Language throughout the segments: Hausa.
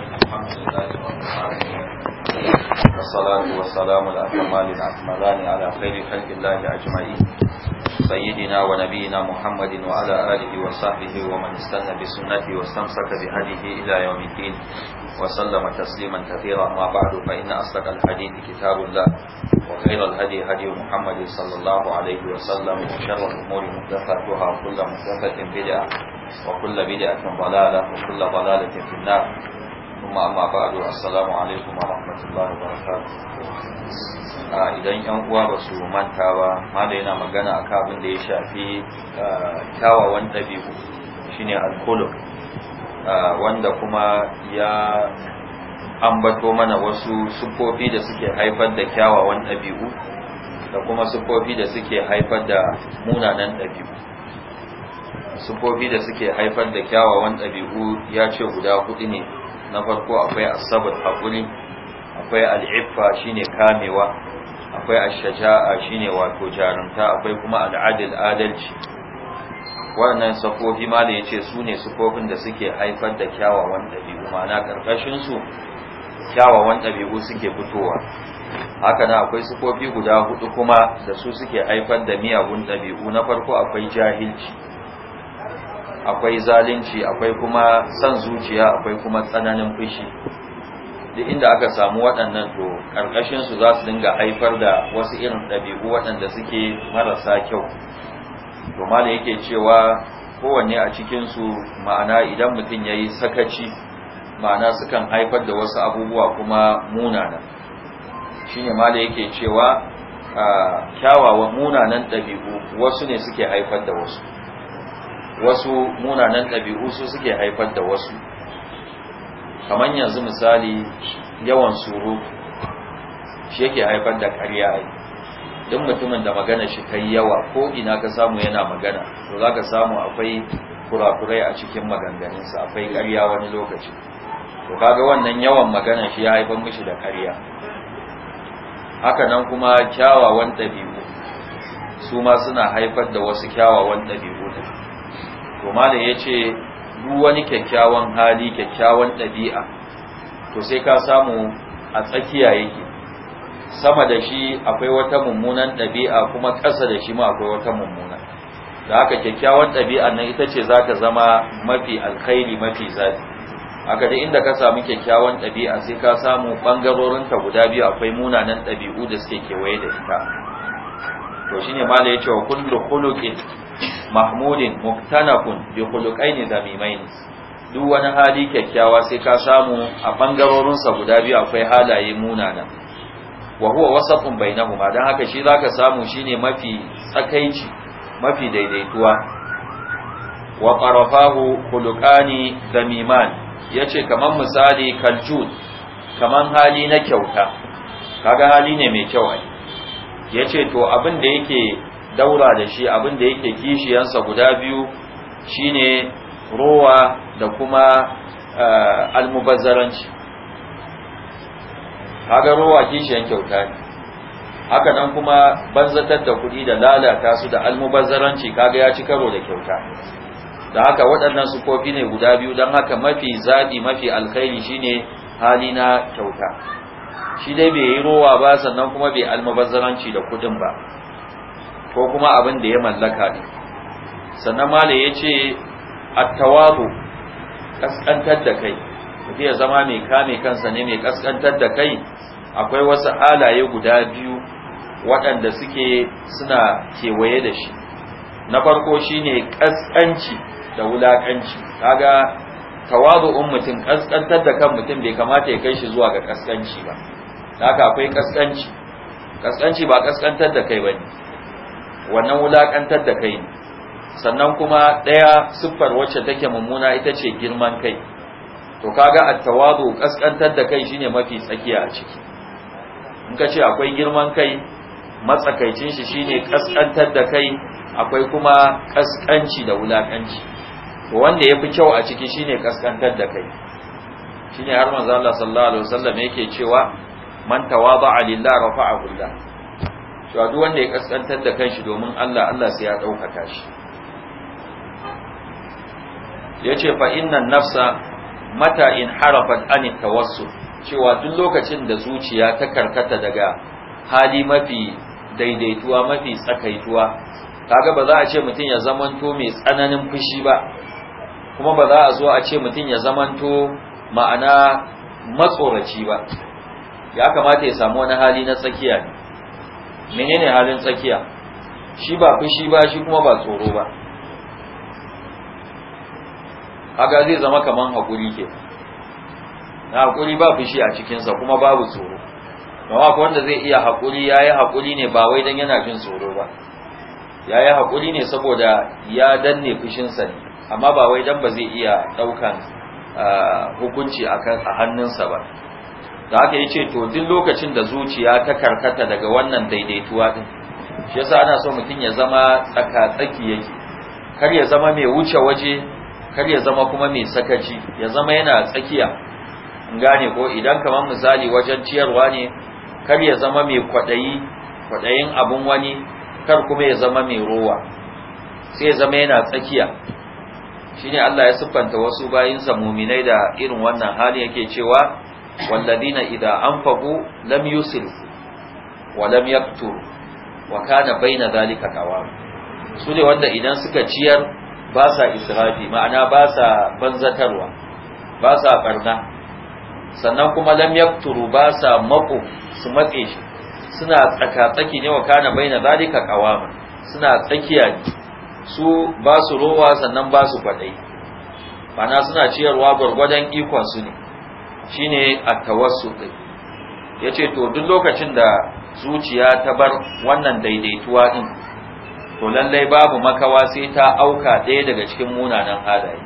الحمد لله رب العالمين والصلاة والسلام الأكمال الأكملان على خير خلق الله أجمعين سيدنا ونبينا محمد وعلى آله وصحبه ومن استنى بسنته واستمسك بهديه إلى يوم الدين وسلم تسليما كثيرا ما بعد فإن أصدق الحديث كتاب الله وخير الهدي هدي محمد صلى الله عليه وسلم وشر الأمور محدثاتها كل محدثة بدعة وكل بدعة ضلالة وكل ضلالة في النار Kuma Amma ثم أما بعد السلام عليكم ورحمة wa وبركاته ah, idan yan uwa ba su manta ba mala yana magana a abin da ya shafi ah, kyawawan ɗabi'u shine alkolo ah, wanda kuma ya ambato mana wasu sukofi da suke haifar da kyawawan ɗabi'u da kuma sukofi da suke haifar da munanan ɗabi'u sufofi da suke haifar da kyawawan ɗabi'u ya ce guda hudu ne na farko akwai asabar haƙuri akwai al'iffa shine kamewa akwai ashaja'a shine wato jarumta akwai kuma al'adil adalci waɗannan safofi ma da ya ce su ne sufofin da suke haifar da kyawawan ɗabi'u ma'ana ƙarƙashinsu kyawawan ɗabi'u suke fitowa haka na akwai sufofi guda hudu kuma da su suke haifar da miyagun ɗabi'u na farko akwai jahilci akwai zalunci akwai kuma san zuciya akwai kuma tsananin fushi duk inda aka samu waɗannan to ƙarƙashinsu su za su dinga haifar da wasu irin ɗabi'u waɗanda suke marasa kyau to malam yake cewa kowanne a cikin su ma'ana idan mutum yayi sakaci ma'ana sukan haifar da wasu abubuwa kuma munana shine malam yake cewa kyawawan munanan ɗabi'u wasu ne suke haifar da wasu wasu munanan ɗabi'u su suke haifar da wasu kamar yanzu misali yawan surutu shi yake haifar da ƙarya ai duk mutumin da magana shi kai yawa ko ina ka samu yana magana to za ka samu akwai kurakurai a cikin maganganunsa akwai ƙarya wani lokaci to kaga wannan yawan magana shi ya haifar mishi da ƙarya haka nan kuma kyawawan ɗabi'u su ma suna haifar da wasu kyawawan ɗabi'u ne to malam ya ce duk wani kyakkyawan hali kyakkyawan ɗabi'a to sai ka samu a tsakiya yake sama da shi akwai wata mummunan ɗabi'a kuma ƙasa da shi ma akwai wata mummuna da haka kyakkyawan ɗabi'a nan ita ce za ka zama mafi alkhairi mafi zafi haka da inda ka samu kyakkyawan ɗabi'a sai ka samu ka guda biyu akwai munanan ɗabi'u da suke kewaye da ita to shine mala ya ce wa kullu khuluqin mahmudin muktanakun bi khuluqaini zamimaini duk wani hali kyakkyawa sai ka samu a bangarorinsa guda biyu akwai halaye munana wa huwa bai bainahuma dan haka shi ka samu shine mafi tsakaici mafi daidaituwa wa qarafahu zamiman Ya yace kamar misali kalcul, kaman hali na kyauta kaga hali ne mai kyau Ya yace to abin da yake daura da shi abin da yake kishiyansa guda biyu shine rowa da kuma eh, almubazzaranci Haka rowa kishiyan kyauta ne haka nan kuma banzatar da kuɗi da lalata su da almubazzaranci kaga ya ci karo da kyauta da haka waɗannan su kofi ne guda biyu don haka mafi zaɓi mafi alkhairi shine hali na kyauta shi dai bai yi rowa ba sannan kuma bai almubazzaranci da kuɗin ba ko kuma abin da ya mallaka ne sannan mala ya ce attawazu kaskantar da kai mutum ya zama mai kame kansa ne mai kaskantar da kai akwai wasu alaye guda biyu waɗanda suke suna kewaye da shi na farko shine kaskanci da wulakanci kaga tawazu'un mutum kaskantar da kan mutum bai kamata ya kai shi zuwa ga kaskanci ba haka akwai kaskanci kaskanci ba kaskantar da kai bane wannan wulakantar da kai sannan kuma ɗaya siffar wacce take mummuna ita ce girman kai to kaga attawadu kaskantar da kai shine mafi tsakiya a ciki in ka ce akwai girman kai matsakaicin shi shine kaskantar da kai akwai kuma kaskanci da wulakanci to wanda yafi kyau a ciki shine kaskantar da kai shine har manzo Allah sallallahu alaihi wasallam yake cewa man tawada'a lillahi rafa'ahu Allah cewa duk wanda ya kaskantar da kanshi domin Allah Allah sai ya ɗaukaka shi yace fa innan nafsa mata in harafat an tawassu cewa duk lokacin da zuciya ta karkata daga hali mafi daidaituwa mafi tsakaituwa kaga ba za a ce mutum ya zamanto mai tsananin fushi ba kuma ba za a zo a ce mutum ya zamanto ma'ana matsoraci ba ya kamata ya samu wani hali na tsakiya ne menene halin tsakiya shi ba fushi ba shi kuma ba tsoro ba haka zai zama kaman haƙuri ke na haƙuri ba fushi a cikinsa kuma babu tsoro amma ko wanda zai iya haƙuri ya yi haƙuri ne ba wai don yana jin tsoro ba ya yi haƙuri ne saboda ya danne fushinsa ne amma ba wai don ba zai iya ɗaukan ah, hukunci a hannunsa ba da haka ya ce to duk lokacin da zuciya ta karkata daga wannan daidaituwa din shi yasa ana so mutum ya zama tsaka-tsaki yake kar ya zama mai wuce waje kar ya zama kuma mai sakaci ya zama yana tsakiya gane ko idan kamar misali wajen ciyarwa ne kar ya zama mai kwaɗayi kwaɗayin abun wani kar kuma ya zama mai rowa sai ya zama yana tsakiya shine Allah ya siffanta wasu sa muminai da irin wannan hali yake cewa walladina idza anfaqu lam yusrifu wa lam yaqtur wa kana baina dhalika qawam su ne wanda idan suka ciyar ba sa israfi ma'ana ba sa banzatarwa ba sa barna sannan kuma lam yaqturu ba sa mako su matse shi suna tsaka-tsaki ne wa kana baina zalika qawama suna tsakiya ne su ba su rowa sannan ba su kwadai ma'ana suna ciyarwa gwargwadon ikonsu ne shine at-tawassul yace to duk lokacin da zuciya ta bar wannan daidaituwa din to lallai babu makawa sai ta auka ɗaya daga cikin munanan halaye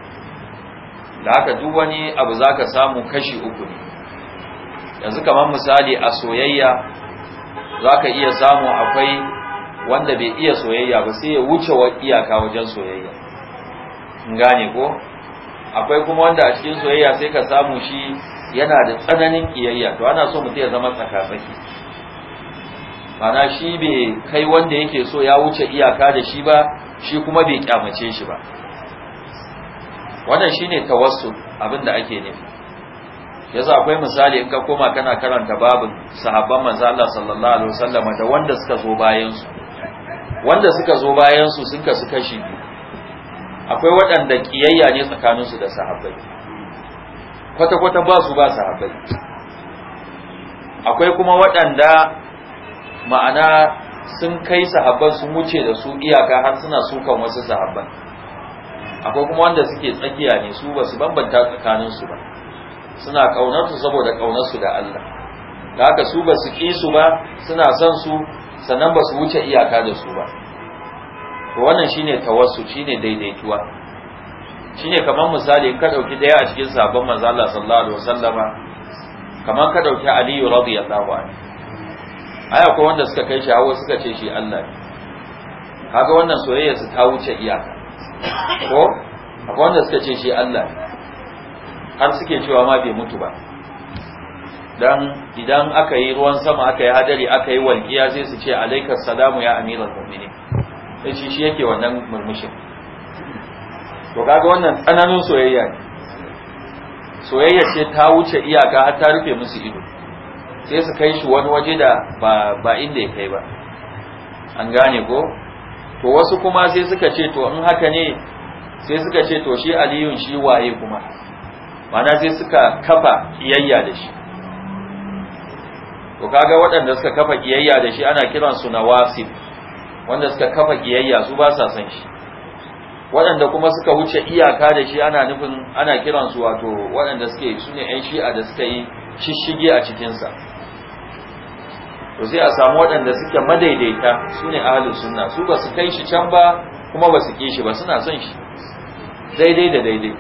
da haka duk wani abu zaka samu kashi uku ne yanzu kamar misali a soyayya zaka iya samu akwai wanda bai iya soyayya ba sai ya wuce wa iyaka wajen soyayya gane ko akwai kuma wanda a cikin soyayya sai ka samu shi yana da tsananin kiyayya to ana so mutum ya zama tsakatsaki mana shi bai kai wanda yake so ya wuce iyaka da shi ba shi kuma bai kyamace shi ba wannan shine tawassul abin da ake nufi yanzu akwai misali in ka koma kana karanta babin sahabban manzo Allah sallallahu alaihi wasallam da wanda suka zo bayan su wanda suka zo bayan su sun su kashi akwai waɗanda kiyayya ne tsakaninsu da sahabbai kwata-kwata ba su ba sahabbai akwai kuma waɗanda ma'ana sun kai sahabban sun wuce da su iyaka har suna sukan wasu sahabban akwai kuma wanda suke tsakiya ne su ba su bambanta tsakaninsu ba suna ƙaunarsu saboda ƙaunarsu da Allah da haka su ba su ƙi su ba suna son su sannan ba su wuce iyaka da su ba to wannan shine tawassu shine daidaituwa shine kamar misali ka dauki daya a cikin sabon manzo Allah sallallahu alaihi wasallama kamar ka dauki Ali radiyallahu anhu aya ko wanda suka kai shi hawo suka ce shi Allah kaga wannan soyayya su ta wuce iyaka ko ko wanda suka ce shi Allah har suke cewa ma bai mutu ba dan idan aka yi ruwan sama aka yi hadari aka yi walƙiya sai su ce alaikas salamu ya amiral mu'minin sai shi yake wannan murmushin to kaga wannan tsananin soyayya ne soyayya ce ta wuce iyaka har ta rufe musu ido sai su kai shi wani waje da ba ba inda ya kai ba an gane ko to wasu kuma sai suka ce to in haka ne sai suka ce to shi aliyun shi waye kuma mana sai suka kafa kiyayya da shi to kaga waɗanda suka kafa kiyayya da shi ana kiransu na wasif, wanda suka kafa kiyayya su ba sa son shi waɗanda kuma suka wuce iyaka da shi ana nufin ana kiransu wato waɗanda suke su ne 'yan shi'a da suka yi shishige a cikinsa to sai a samu waɗanda suke madaidaita su ne ahalin sunna su ba su kai shi can ba kuma ba su ƙi shi ba suna son shi daidai da daidai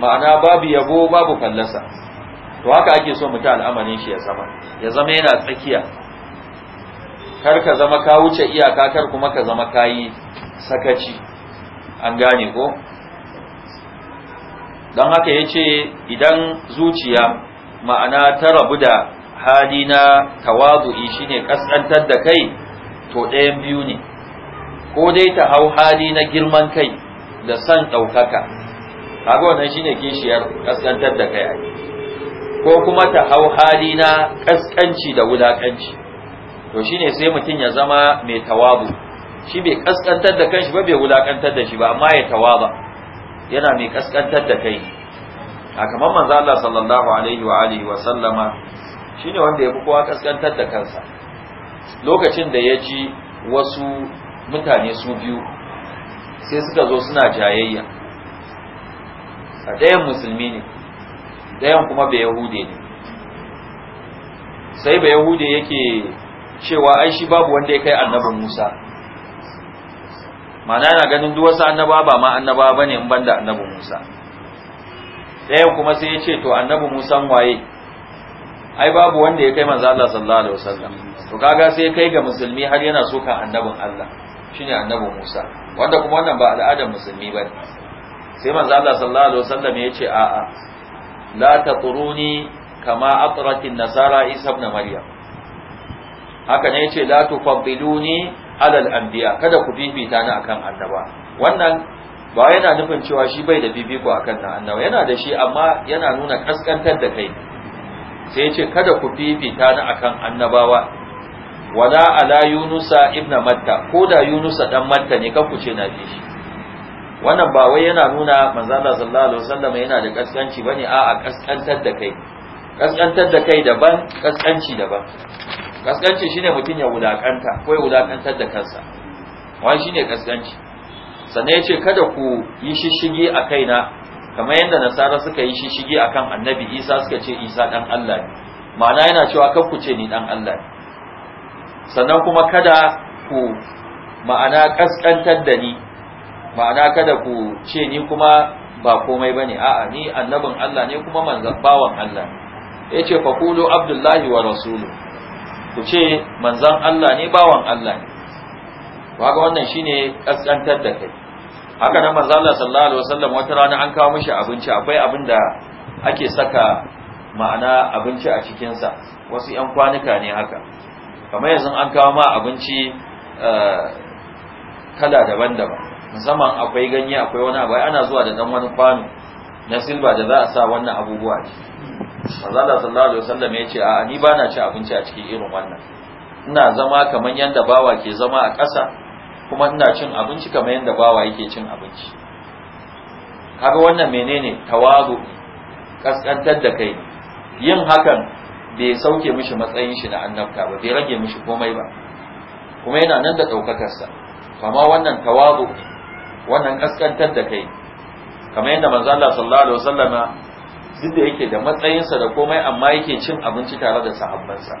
ma'ana babu yabo babu fallasa to haka ake so mutum al'amarin shi ya zama ya zama yana tsakiya kar ka zama ka wuce iyaka kar kuma ka zama kayi sakaci an gane ko don haka ya ce idan zuciya ma'ana ta rabu da hali na tawazu'i shine kaskantar da kai to ɗayan biyu ne ko dai ta hau hali na girman kai da san ɗaukaka kaga wannan shine kishiyar kaskantar da kai ko kuma ta hau hali na kaskanci da wulakanci to shine sai mutum ya zama mai tawazu'i shi bai kaskantar da kanshi ba bai wulakantar da shi ba amma ya tawaba yana mai kaskantar da kai a kamar manzo Allah sallallahu alaihi wa alihi wa sallama shine wanda ya fi kowa kaskantar da kansa lokacin da ya ji wasu mutane su biyu sai suka zo suna jayayya a ɗayan musulmi ne ɗayan kuma bai yahude ne sai bai yahude yake cewa ai shi babu wanda ya kai annabi Musa ma'ana yana ganin duk wasu annaba ba ma annaba bane in banda annabi Musa ɗayan kuma sai ya ce to annabi Musa waye ai babu wanda ya kai manzo Allah sallallahu alaihi wasallam to kaga sai kai ga musulmi har yana soka annabin Allah shine annabi Musa wanda kuma wannan ba al'adar musulmi bane sai manzo Allah sallallahu alaihi wasallam ya ce a a la taquruni kama atratin nasara isa ibn maryam haka ne yace la tufaddiluni alal anbiya kada ku fifita ni akan annaba wannan ba yana nufin cewa shi bai da fifiko akan annaba yana da shi amma yana nuna kaskantar da kai sai ya ce kada ku fifita ni akan annabawa wala ala yunusa ibn matta ko da yunusa dan matta ne ku ce na fi shi wannan ba wai yana nuna manzo Allah sallallahu alaihi wasallam yana da kaskanci bane a'a kaskantar da kai kaskantar da kai daban kaskanci daban kaskanci shine mutum ya wulakanta ko ya wulakantar da kansa wai shine kaskanci sannan ya ce kada ku yi shishigi a kaina kamar yadda nasara suka yi shishigi a kan annabi isa suka ce isa ɗan allah ne ma'ana yana cewa kan ku ce ni ɗan allah ne sannan kuma kada ku ma'ana ƙasƙantar da ni ma'ana kada ku ce ni kuma ba komai ba ne a'a ni annabin allah ne kuma manzan bawan allah ya ce fakulu abdullahi wa rasulu ku ce manzan Allah ne bawan Allah ne waga wannan shine kaskantar da kai haka nan manzan Allah sallallahu alaihi wasallam wata rana an kawo mishi abinci akwai abin da ake saka ma'ana abinci a cikin sa wasu yan kwanuka ne haka kamar yanzu an kawo ma abinci eh, kala daban-daban musamman akwai ganye akwai wani abu ana zuwa da dan wani kwano na silba da za a sa wannan abubuwa ciki Manzala sallallahu alaihi wasallam ya ce a ni bana ci abinci a cikin irin wannan ina zama kamar yanda bawa ke zama a ƙasa kuma ina cin abinci kamar yanda bawa yake cin abinci kaga wannan menene tawazu kaskantar da kai yin hakan bai sauke mishi matsayin shi na annabta ba bai rage mishi komai ba kuma yana nan da ɗaukakarsa kama wannan tawazu wannan kaskantar da kai kamar yadda manzo Allah sallallahu alaihi wasallama duk da yake da matsayinsa da komai amma yake cin abinci tare da sahabbansa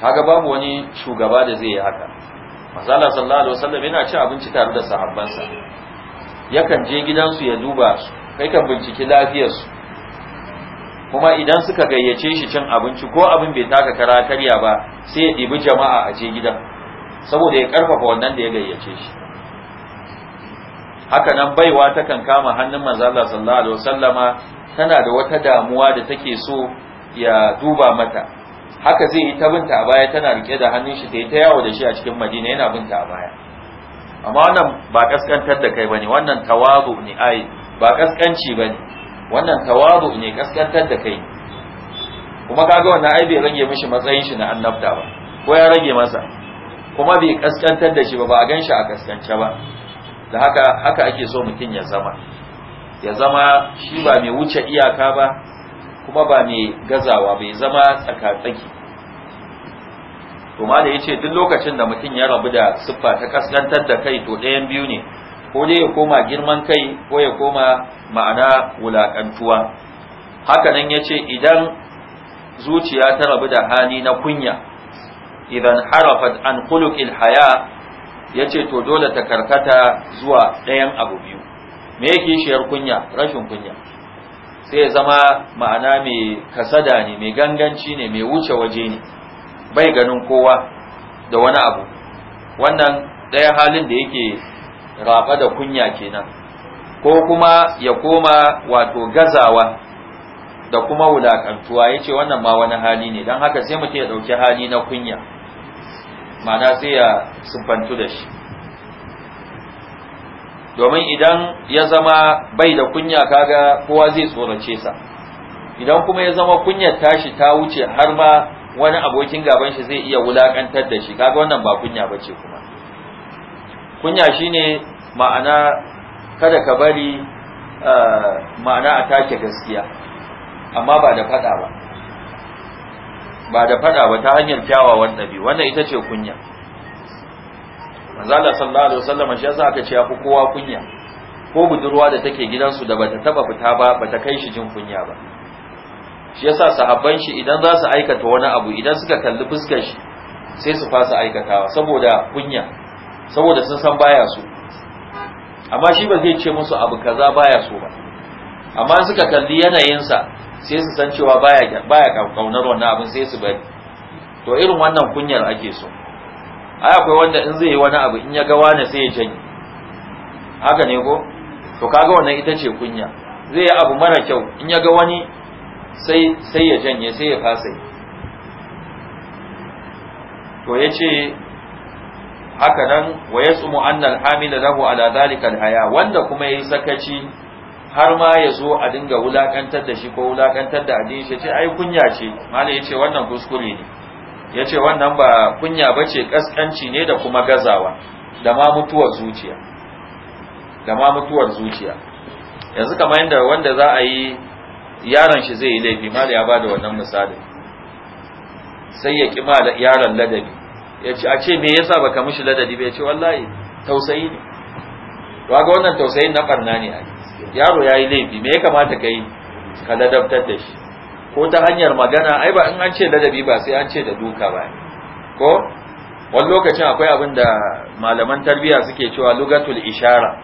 kaga babu wani shugaba da zai yi haka masala sallallahu alaihi wasallam yana cin abinci tare da sahabbansa yakan je gidansu ya duba su kai kan binciki su. kuma idan suka gayyace shi cin abinci ko abin bai taka kara ba sai ya ɗibi jama'a a je gidan saboda ya karfafa wannan da ya gayyace shi haka nan baiwa kan kama hannun manzo Allah sallallahu alaihi wasallama tana da wata damuwa da take so ya duba mata haka zai yi ta binta a baya tana rike da hannun shi tayi ta yawo da shi a cikin Madina yana binta a baya amma wannan ba kaskantar da kai bane wannan tawazu ne ai ba kaskanci bane wannan tawazu ne kaskantar da kai kuma kaga wannan ai bai rage mishi matsayin shi na annabta ba ko ya rage masa kuma bai kaskantar da shi ba ba a ganshi a kaskance ba da haka haka ake so mutum ya zama ya zama shi ba mai wuce iyaka ba kuma ba mai gazawa bai zama tsakatsaki tsaki. ma da yace duk lokacin da mutum ya rabu da siffa ta kaskantar da kai to ɗayan biyu ne ko dai ya koma girman kai ko ya koma ma'ana wulakantuwa haka nan yace idan zuciya ta rabu da hali na kunya idan harafat an khuluqil haya ya ce to dole ta karkata zuwa ɗayan abu biyu me yake shiyar kunya rashin kunya sai ya zama ma'ana mai kasada ne mai ganganci ne mai wuce waje ne bai ganin kowa da wani abu wannan ɗaya halin da yake raba da kunya kenan ko kuma ya koma wato gazawa da kuma wulakantuwa ya ce wannan ma wani hali ne don haka sai mutum ya ɗauki hali na kunya ma'ana sai ya siffantu da shi domin idan ya zama bai da kunya kaga kowa zai tsorace sa idan kuma ya zama kunyar tashi ta wuce har ma wani abokin gaban shi zai iya wulakantar da shi kaga wannan ba kunya bace kuma kunya shine ma'ana kada ka bari eh, ma'ana a take gaskiya amma ba da fada ba ba da fada ba ta hanyar kyawawan ɗabi'u wannan ita ce kunya manzala sallallahu alaihi wasallam shi yasa aka ce ya fi kowa kunya ko budurwa da take gidansu da bata taba fita ba bata kai shi jin kunya ba shi yasa sahabban shi idan za su aikata wani abu idan suka kalli fuskar shi sai su fasa aikatawa saboda kunya saboda sun san baya so amma shi ba zai ce musu abu kaza baya so ba amma suka kalli yanayinsa sai su san cewa baya baya kaunar wannan abin sai su bari to irin wannan kunyar ake so ai akwai wanda in zai yi wani abu in ya ga wani sai ya janye haka ne ko to kaga wannan ita ce kunya zai yi abu mara kyau in ya ga wani sai sai ya janye sai ya fasa to yace haka nan wa yasumu anna al-hamila lahu ala dhalika haya wanda kuma yayi sakaci har ma ya zo a dinga wulakantar da shi ko wulakantar da addini shi ce ai kunya ce malai ya ce wannan kuskure ne ya ce wannan ba kunya ba ce ƙasƙanci ne da kuma gazawa da ma mutuwar zuciya da ma mutuwar zuciya yanzu kamar yadda wanda za a yi yaron shi zai yi laifi malai ya ba da wannan misali sai ya ƙi yaron ladabi ya ce a ce me yasa baka mishi ladabi ba ya ce wallahi tausayi ne to ga wannan tausayin na barna ne ai yaro ya yi laifi me ya kamata kai ka ladabtar da shi ko ta hanyar magana ai ba in an ce ladabi ba sai an ce da duka ba ko wani lokacin akwai abin da malaman tarbiyya suke cewa lugatul ishara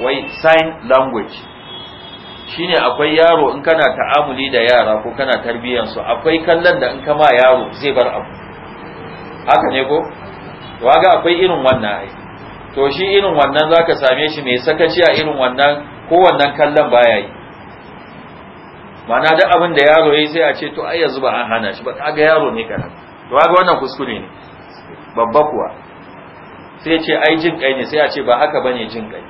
wai sign language shine akwai yaro in kana ta'amuli da yara ko kana tarbiyyar su akwai kallon da in ka ma yaro zai bar abu haka ne ko waga akwai irin wannan ai to shi irin wannan zaka same shi mai sakaci a irin wannan ko wannan kallon baya yi Mana duk abin da yaro yi sai a ce to ai zuba an hana shi ba ga yaro ne kana to ga wannan kuskure ne babba kuwa sai ce ai jin kai ne sai a ce ba haka bane jin kai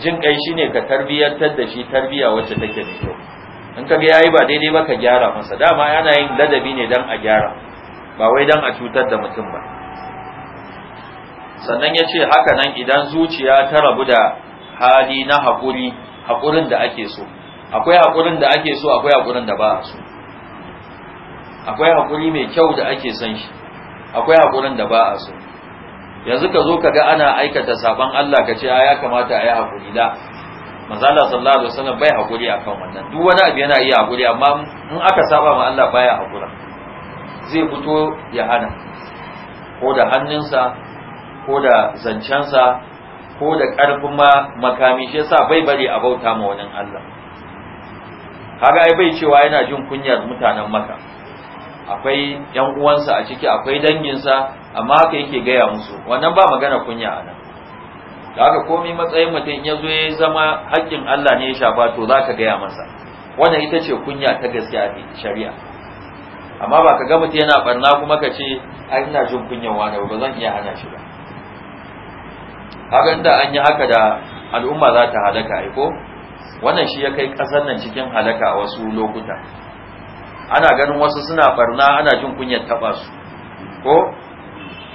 jin kai shine ka tarbiyantar da shi tarbiya wacce take da kyau in ka ga yayi ba daidai ba ka gyara masa dama yana yin ladabi ne dan a gyara ba wai dan a cutar da mutum ba sannan ya ce haka nan idan zuciya ta rabu da hali na haƙuri haƙurin da ake so akwai haƙurin da ake so akwai haƙurin da ba a so akwai haƙuri mai kyau da ake son shi akwai haƙurin da ba a so yanzu ka zo ka ga ana aikata saban Allah ka ce ya kamata a yi haƙuri da manzala sallallahu alaihi wasallam bai haƙuri akan wannan duk wani abu yana iya haƙuri amma in aka saba ma Allah baya haƙura zai fito ya hana ko da hannunsa ko da zancensa ko da ƙarfin ma makami shi yasa bai bari a bauta ma wani Allah kaga ai bai cewa yana jin kunyar mutanen maka akwai yan uwansa a ciki akwai danginsa amma haka yake gaya musu wannan ba magana kunya a nan haka komai matsayin mutum ya zo ya zama haƙƙin Allah ne ya shafa to za ka gaya masa wannan ita ce kunya ta gaskiya a shari'a amma ba ka ga mutum yana barna kuma ka ce ai ina jin kunyan wani ba zan iya hana shi ba Haka inda an yi haka da al'umma za ta halaka aiko wannan shi ya kai kasar nan cikin halaka wasu lokuta ana ganin wasu suna barna ana jin kunyar taɓa su ko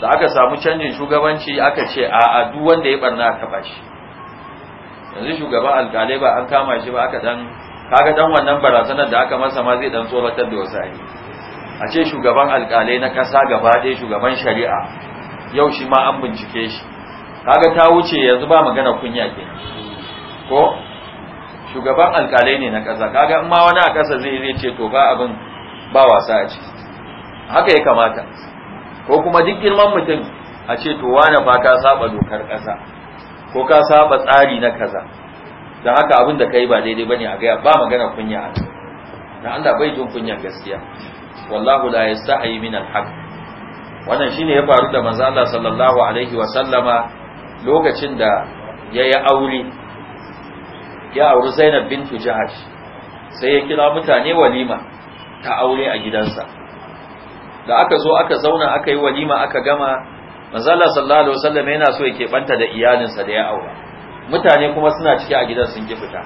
da aka samu canjin shugabanci aka ce a duk wanda ya barna a taɓa shi yanzu shugaban alƙalai ba an kama shi ba aka dan kaga dan wannan barazanar da aka masa ma zai dan tsoratar da wasu a ce shugaban alƙalai na kasa gaba ɗaya shugaban shari'a yau shi ma an bincike shi kaga ta wuce yanzu ba magana kunya ke ko shugaban alkalai ne na ƙasa kaga in ma wani a ƙasa zai zai ce to ba abin ba wasa a ciki haka ya kamata ko kuma duk girman mutum a ce to wane fa ka saba dokar ƙasa ko ka saba tsari na kaza don haka abin da kai ba daidai bane a gaya ba magana kunya a na Allah bai jin kunyan gaskiya wallahu la yasta'i min al-haq wannan shine ya faru da manzo Allah sallallahu alaihi wa sallama lokacin da ya yi aure ya auri zainab bintu Jihar, sai ya kira mutane walima ta aure a gidansa da aka zo aka zauna aka yi walima aka gama manzala sallallahu alaihi wasallam yana so ya keɓanta da iyalinsa da ya aura mutane kuma suna cike a gidan sun ki fita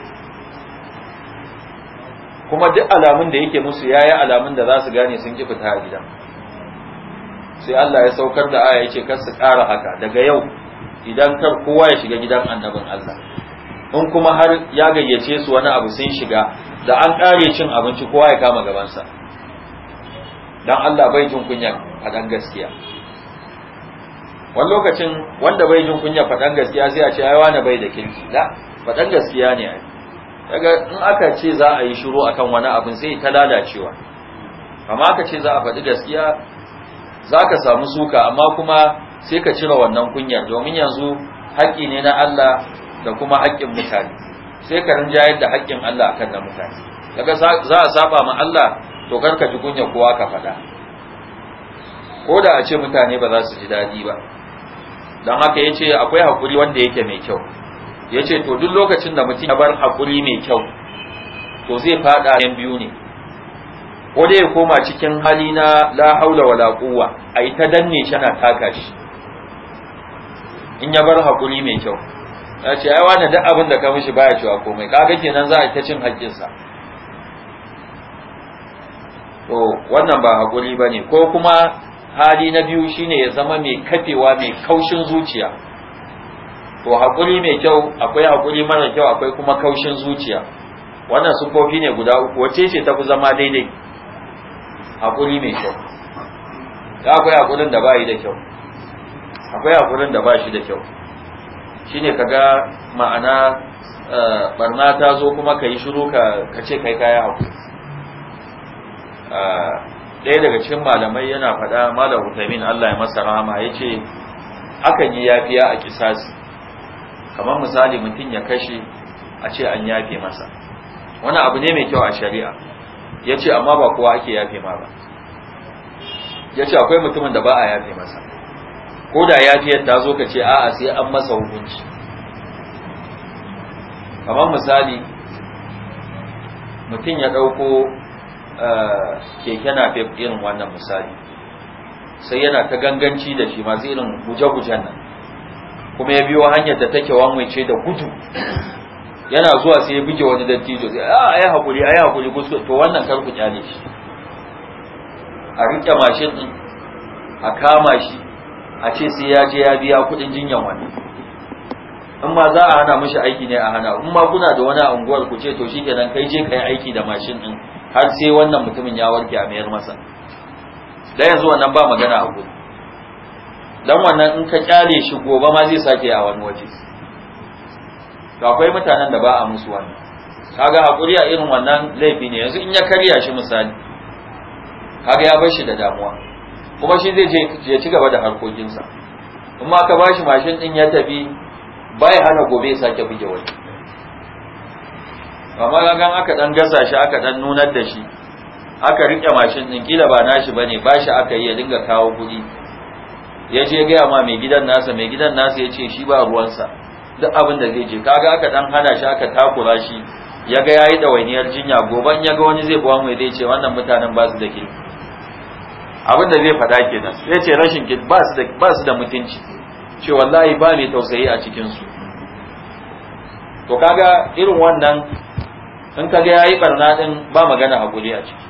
kuma duk alamun da yake musu yayi alamun da za su gane sun ki fita a gidan sai Allah ya saukar da aya ce kar su ƙara haka daga yau idan kar kowa ya shiga gidan annabin Allah in kuma har ya gayyace su wani abu sun shiga da an kare cin abinci kowa ya kama gabansa dan Allah bai jin kunya faɗan gaskiya wani lokacin wanda bai jin kunya faɗan gaskiya sai a ce ai wani bai da kirki da faɗan gaskiya ne ai daga in aka ce za a yi shiru akan wani abin sai ta lalacewa amma aka ce za a faɗi gaskiya za ka samu suka amma kuma sai ka cire wannan kunyar domin yanzu haƙƙi ne na Allah da kuma haƙƙin mutane sai ka rinjayar da haƙƙin Allah akan na mutane daga za a saba ma Allah to kar ka ji kunya kowa ka faɗa ko da a ce mutane ba za su ji daɗi ba don haka ya ce akwai haƙuri wanda yake mai kyau ya ce to duk lokacin da mutum ya bar haƙuri mai kyau to zai faɗa yan biyu ne ko dai ya koma cikin hali na la haula wala quwwa ai ta danne shi ana taka shi in ya bar hakuri mai kyau ya ce ai wani duk abin da ka mishi baya cewa komai kaga kenan za a ta cin haƙƙinsa to wannan ba hakuri ba ne ko kuma hali na biyu shine ya zama mai kafewa mai kaushin zuciya to hakuri mai kyau akwai hakuri mara kyau akwai kuma kaushin zuciya wannan kofi ne guda uku wacce ce ta fi zama daidai Hakuri mai kyau akwai hakurin da bayi da kyau akwai hakurin da ba shi da kyau Shi shine ga ma'ana barna eh, ta zo kuma ka yi shiru ka ce kai kaya hakuri eh, ɗaya daga cikin malamai yana faɗa malar hutamin Allah ya masa rama. Ya ce akan yi yafiya a kisasi kamar misali mutum ya kashe a ce an yafe masa wani abu ne mai kyau a shari'a Ya ce amma ba kowa ake yafe ma ba Ya ce akwai mutumin da ba a yafe masa ko da fi yadda zo ka ce a'a sai an masa hukunci kamar misali mutum ya ɗauko eh, keke na irin wannan misali sai yana ta ganganci da shi masu irin guje-gujen nan kuma ya biyo hanyar da take wanwace da gudu yana zuwa sai ya buge wani dattijo sai a ai hakuri ai hakuri kuskure to wannan karku kyale shi a rike mashin a kama shi a ce sai ya je ya biya kuɗin jinyan wani in ma za a hana mishi aiki ne a hana in ma kuna da wani unguwar ku ce to shikenan kai je kai aiki da mashin din har sai wannan mutumin ya warke a mayar masa dan yanzu wannan ba magana a gudu dan wannan in ka kyale shi gobe ma zai sake a wani waje to akwai mutanen da ba a musu wannan kaga hakuri a irin wannan laifi ne yanzu in ya karya shi misali kaga ya bar shi da damuwa kuma shi zai je ya ci gaba da harkokinsa in ma ka bashi mashin din ya tafi bai hana gobe ya sake buge wani amma gangan aka dan gasa shi aka dan nunar da shi aka rike mashin din kila ba nashi bane bashi aka yi ya dinga kawo kuɗi ya je gaya ma mai gidan nasa mai gidan nasa ya ce shi ba ruwansa duk abin da zai je kaga aka dan hana shi aka takura shi ya ga yayi ɗawainiyar jinya goban ya ga wani zai buwa mai zai ce wannan mutanen ba su da kirki abin da zai faɗa kenan sai ce rashin kit ba su da mutunci ce wallahi ba mai tausayi a cikinsu to kaga irin wannan in kaga ya yi ɓarna ɗin ba magana hakuri a ciki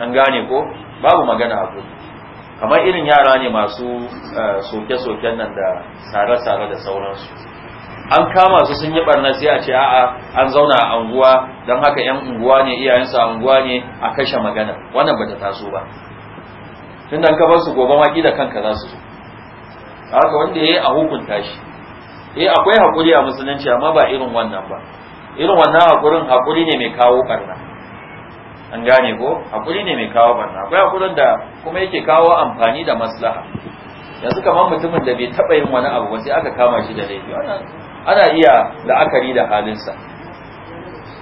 an gane ko babu magana hakuri? kamar irin yara ne masu eh, soke-soken nan da sare-sare da sauransu an kama su sun yi barna sai a ce a'a an zauna a anguwa don haka 'yan unguwa ne iyayensu a unguwa ne a kashe magana wannan bata taso ba tun da ka su gobe ma da kanka za su zo haka wanda ya yi a hukunta shi eh akwai haƙuri a musulunci amma ba irin wannan ba irin wannan haƙurin haƙuri ne mai kawo ɓarna. an gane ko haƙuri ne mai kawo ɓarna. akwai haƙurin da kuma yake kawo amfani da maslaha yanzu kamar mutumin da bai taɓa yin wani abu ba sai aka kama shi da laifi ana iya la'akari da halinsa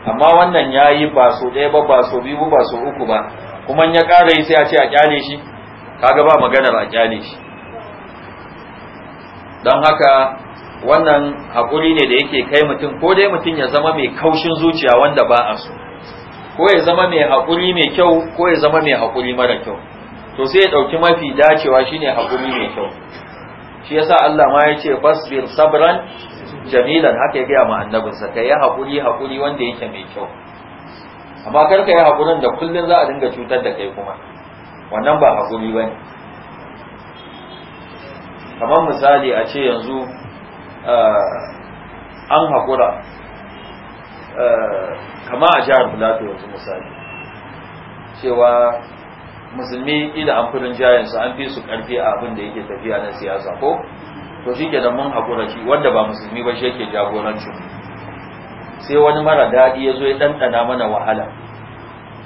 amma wannan ya yi ba so ɗaya ba ba so biyu ba so uku ba kuma ya ƙara yi sai a ce a ƙyale shi kaga ba maganar a kyale shi don haka wannan haƙuri ne da yake kai mutum ko dai mutum ya zama mai kaushin zuciya wanda ba a so ko ya zama mai haƙuri mai kyau ko ya zama mai haƙuri mara kyau to sai ya ɗauki mafi dacewa shine haƙuri mai kyau shi yasa Allah ma ya ce fasbir sabran jamilan haka ya gaya ma annabinsa ka yi haƙuri haƙuri wanda yake mai kyau amma kar ka yi haƙurin da kullum za a dinga cutar da kai kuma wannan ba hakuri ba ne kamar misali a ce yanzu eh, an hakura eh, kama a jihar filato yanzu misali cewa musulmi ila an firin jayensu an fi su karfi a abin da yake tafiya na siyasa ko to shi ke mun hakura shi wanda ba musulmi ba shi yake jagorancin sai wani mara daɗi ya zo ya ɗanɗana mana wahala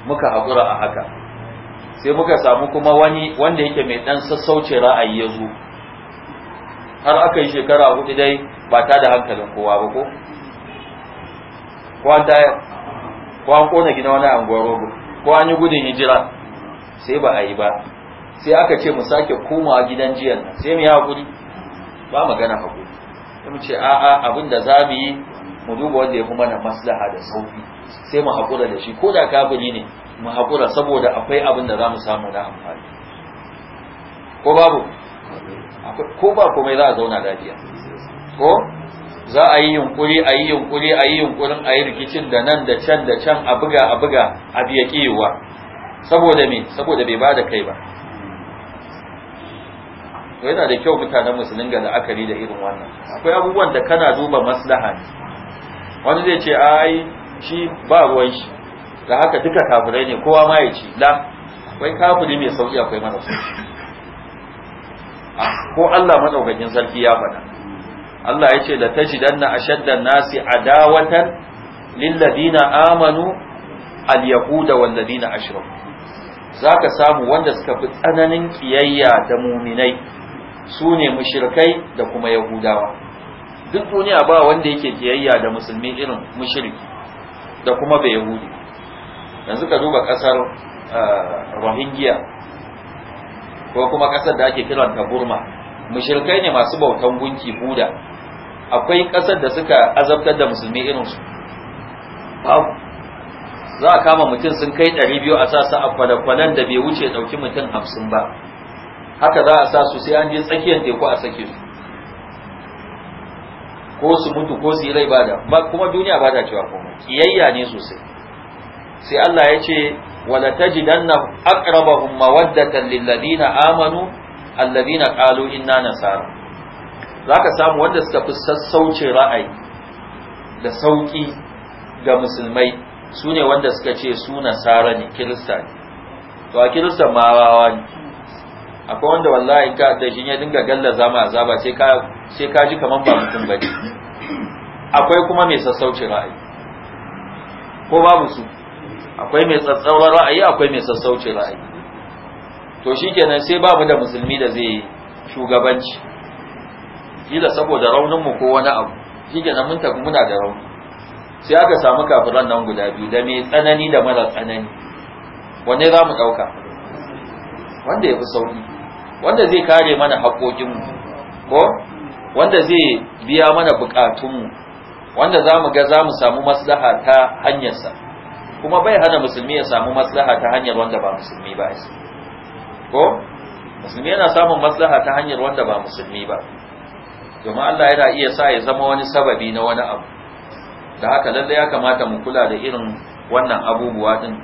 muka hakura a haka sai muka samu kuma wani wanda yake mai dan sassauce ra'ayi ya zo har aka yi shekara hudu dai ba ta da hankalin kowa ba ko ko an tayar kona gina wani anguwar rogo ko an yi gudun hijira sai ba a yi ba sai aka ce mu sake komawa gidan jiyan nan sai mu yi hakuri ba magana hakuri sai mu ce a'a abin da za mu yi mu duba wanda ya fi mana maslaha da sauki sai mu hakura da shi ko da kafiri ne mu haƙura saboda akwai abin da za mu samu na amfani ko babu ko ba komai za a zauna lafiya ko za a yi yunkuri a yi yunkuri a yi yunkurin a yi rikicin da nan da can da can a buga a buga a biya kiyuwa saboda me saboda bai ba da kai ba to yana da kyau mutanen musulun ga la'akari da irin wannan akwai abubuwan da kana duba maslaha ne wani zai ce ai shi ba ruwan shi da haka duka kafirai ne kowa ma ya ci la akwai kafiri mai sauki akwai mara ah, ko Allah madaukakin sarki ya faɗa Allah ya ce la na ashaddan nasi adawatan lil ladina amanu al yahuda wal ladina ashraku zaka samu wanda suka fi tsananin kiyayya da muminai su ne mushrikai da kuma yahudawa duk duniya ba wanda yake kiyayya da musulmi irin mushriki da kuma bai yahudi yanzu ka duba kasar eh, rohingya ko kuma kasar da ake kiran ta burma mushirkai ne masu bautan gunki buda akwai kasar da suka azabtar da musulmi irinsu su. za a kama mutum sun kai ɗari biyu a sasa a kwale da bai wuce dauki mutum hamsin ba haka za a sa su sai an je tsakiyar teku a sake su ko su mutu ko su yi rai bada kuma duniya ba ta cewa kuma kiyayya ne sosai sai Allah ya ce wala tajidanna aqrabahum mawaddatan lil ladina amanu alladina qalu inna nasara zaka samu wanda suka fi sassauce ra'ayi da sauki ga musulmai sune wanda suka ce su nasara ne kirista ne to a kirista ma rawa ne akwai wanda wallahi ka da shi ya dinga galla zama azaba sai ka sai ka ji kaman ba mutum bane akwai kuma mai sassauci ra'ayi ko babu su akwai mai tsatsauran ra'ayi akwai mai sassaucin ra'ayi to shikenan sai babu da musulmi da zai shugabanci kila saboda raunin mu ko wani abu shikenan mun tafi muna da rauni sai aka samu kafiran nan guda biyu da mai tsanani da mara tsanani wanne za mu ɗauka wanda ya fi sauƙi wanda zai kare mana haƙoƙinmu ko wanda zai biya mana buƙatunmu wanda za mu ga za mu samu maslaha ta hanyarsa kuma bai hana musulmi ya samu maslaha ta hanyar wanda ba musulmi ba ko musulmi yana samun maslaha ta hanyar wanda ba musulmi ba domin Allah yana iya sa ya zama wani sababi na wani abu da haka lalle ya kamata mu kula da irin wannan abubuwa din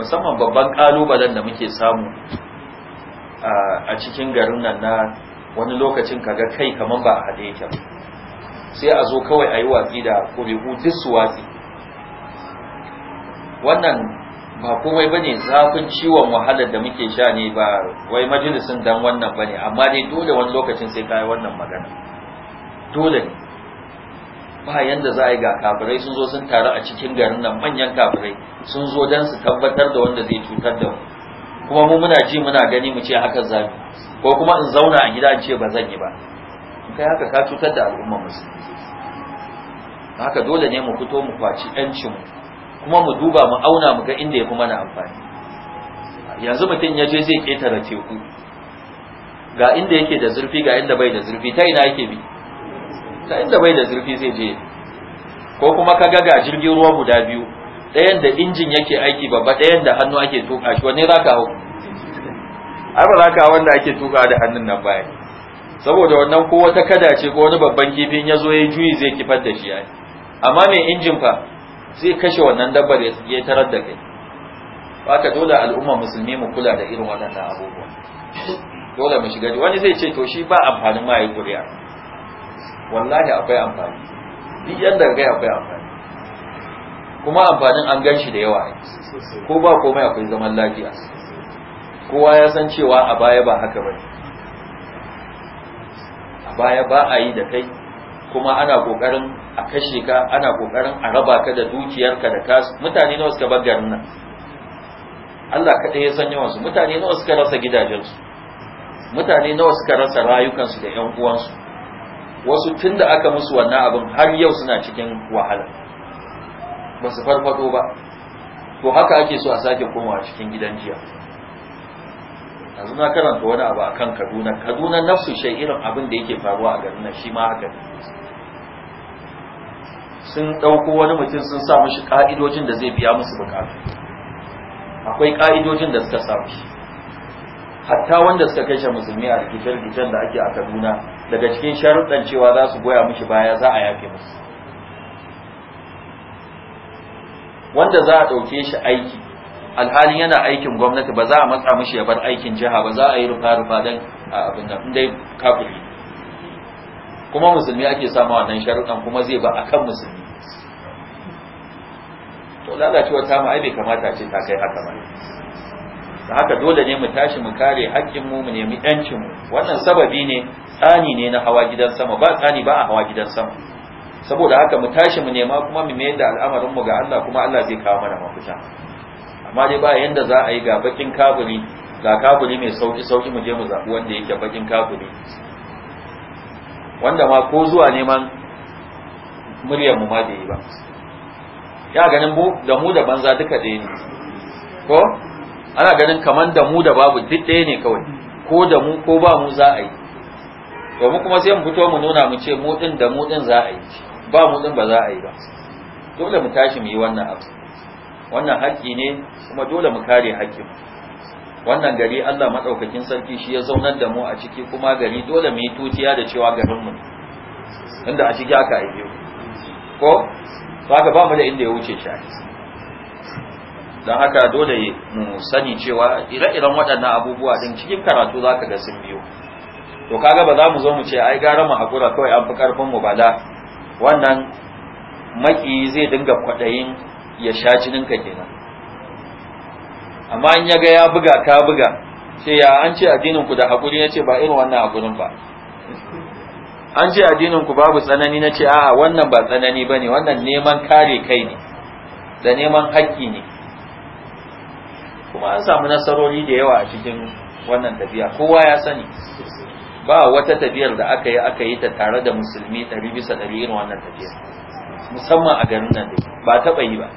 musamman babban kalubalen da muke samu a cikin garin nan na wani lokacin kaga kai kaman ba a hade yake sai a zo kawai a yi watsi da kuri'u duk su watsi wannan ba komai bane zafin ciwon wahalar da muke sha ne ba wai majalisin dan wannan bane amma dai dole wani lokacin sai kai wannan magana dole ne ba yanda za a yi ga kafirai sun zo sun taru a cikin garin nan manyan kafirai sun zo don su tabbatar da wanda zai cutar da mu kuma mu muna ji muna gani mu ce haka za mu ko kuma in zauna a gida in ce ba zan yi ba in kai haka ka cutar da al'umma musulmi haka dole ne mu fito mu kwaci 'yancinmu kuma mu duba mu auna mu ga inda ya fi mana amfani yanzu mutum ya je zai ƙetare teku ga inda yake da zurfi ga inda bai da zurfi ta ina yake bi ta inda bai da zurfi zai je ko kuma ka ga ga jirgin ruwa guda biyu ɗayan da injin yake aiki babba ɗayan da hannu ake tuka shi wani za ka hau ai ba za wanda ake tuka da hannun nan baya saboda wannan ko wata kada ce ko wani babban kifin ya zo ya juyi zai kifar da shi ai amma mai injin fa zai kashe wannan dabbar ya tarar da kai ka dole al'umma musulmi mu kula da irin waɗannan abubuwa dole mu shiga wani zai ce to shi ba amfanin ma yi ƙuri'a wallahi akwai amfani duk yadda kai akwai amfani kuma amfanin an gan shi da yawa ko ba komai akwai zaman lafiya kowa ya san cewa a baya ba haka ba a baya ba a yi da kai kuma ana kokarin a kashe ka ana kokarin a raba ka da dukiyarka da kasu mutane nawa suka bar garin nan Allah kaɗai ya san yawansu mutane nawa suka rasa gidajensu mutane nawa suka rasa rayukansu da ƴan uwansu wasu tun da aka musu wannan abin har yau suna cikin wahala ba su farfado ba to haka ake so a sake komawa cikin gidan jiya yanzu na karanta wani abu akan kaduna kaduna nafsu shai irin abin da yake faruwa a garin nan shi ma haka sun ɗauko wani mutum sun sa mashi ƙa'idojin da zai biya musu bukatu akwai ƙa'idojin da suka sa mashi hatta wanda suka kashe musulmi a rikice-rikicen da ake a kaduna daga cikin sharuɗan cewa za su goya mashi baya za a yafe musu wanda za a ɗauke shi aiki alhalin yana aikin gwamnati ba za a matsa mashi ya bar aikin jiha ba za a yi rufa-rufa don abin da dai kuma musulmi ake sama wannan sharuɗan kuma zai ba kan musulmi to lalacewa ta mu aibe kamata ce ta kai haka ba da haka dole ne mu tashi mu kare haƙƙin mu mu nemi ƴancinmu mu wannan sababi ne tsani ne na hawa gidan sama ba tsani ba a hawa gidan sama saboda haka mu tashi mu nema kuma mu mayar da al'amarin mu ga Allah kuma Allah zai kawo mana mafita amma dai ba yanda za a yi ga bakin kaburi ga kaburi mai sauki sauki mu je mu zabi wanda yake bakin kaburi wanda ma ko zuwa neman muryar mu ma da yi ba ya ganin bu da mu da banza duka ɗaya ne ko ana ganin kaman da mu da babu duk ɗaya ne kawai ko da mu ko ba mu za a yi to mu kuma sai mu fito mu nuna mu ce mu din da mu din za a yi ba mu din ba za a yi ba dole mu tashi mu yi wannan abu wannan haƙƙi ne kuma dole mu kare haƙƙin mu wannan gari Allah maɗaukakin sarki shi ya zaunar da mu a ciki kuma gari dole mu yi tutiya da cewa garin mu inda a ciki aka aibe ko haka ba mu da inda ya wuce shi don haka dole mu sani cewa ire-iren waɗannan abubuwa din cikin karatu zaka ga sun biyo to kaga ba za mu zo mu ce ai gara mu hakura kawai an fi karfin mu bala wannan maki zai dinga kwaɗayin ya sha jinin ka kenan amma in ya ga ya buga ka buga sai ya an ce addinin ku da hakuri nace ba irin wannan hakurin ba an ce addinin ku babu tsanani nace a'a wannan ba tsanani bane wannan neman kare kai ne da neman haƙƙi ne kuma an samu nasarori da yawa a cikin wannan tafiya kowa ya sani ba wata tafiyar da aka yi aka yi ta tare da musulmi ɗari bisa ɗari irin wannan tafiyar musamman a garin nan ba taɓa yi ba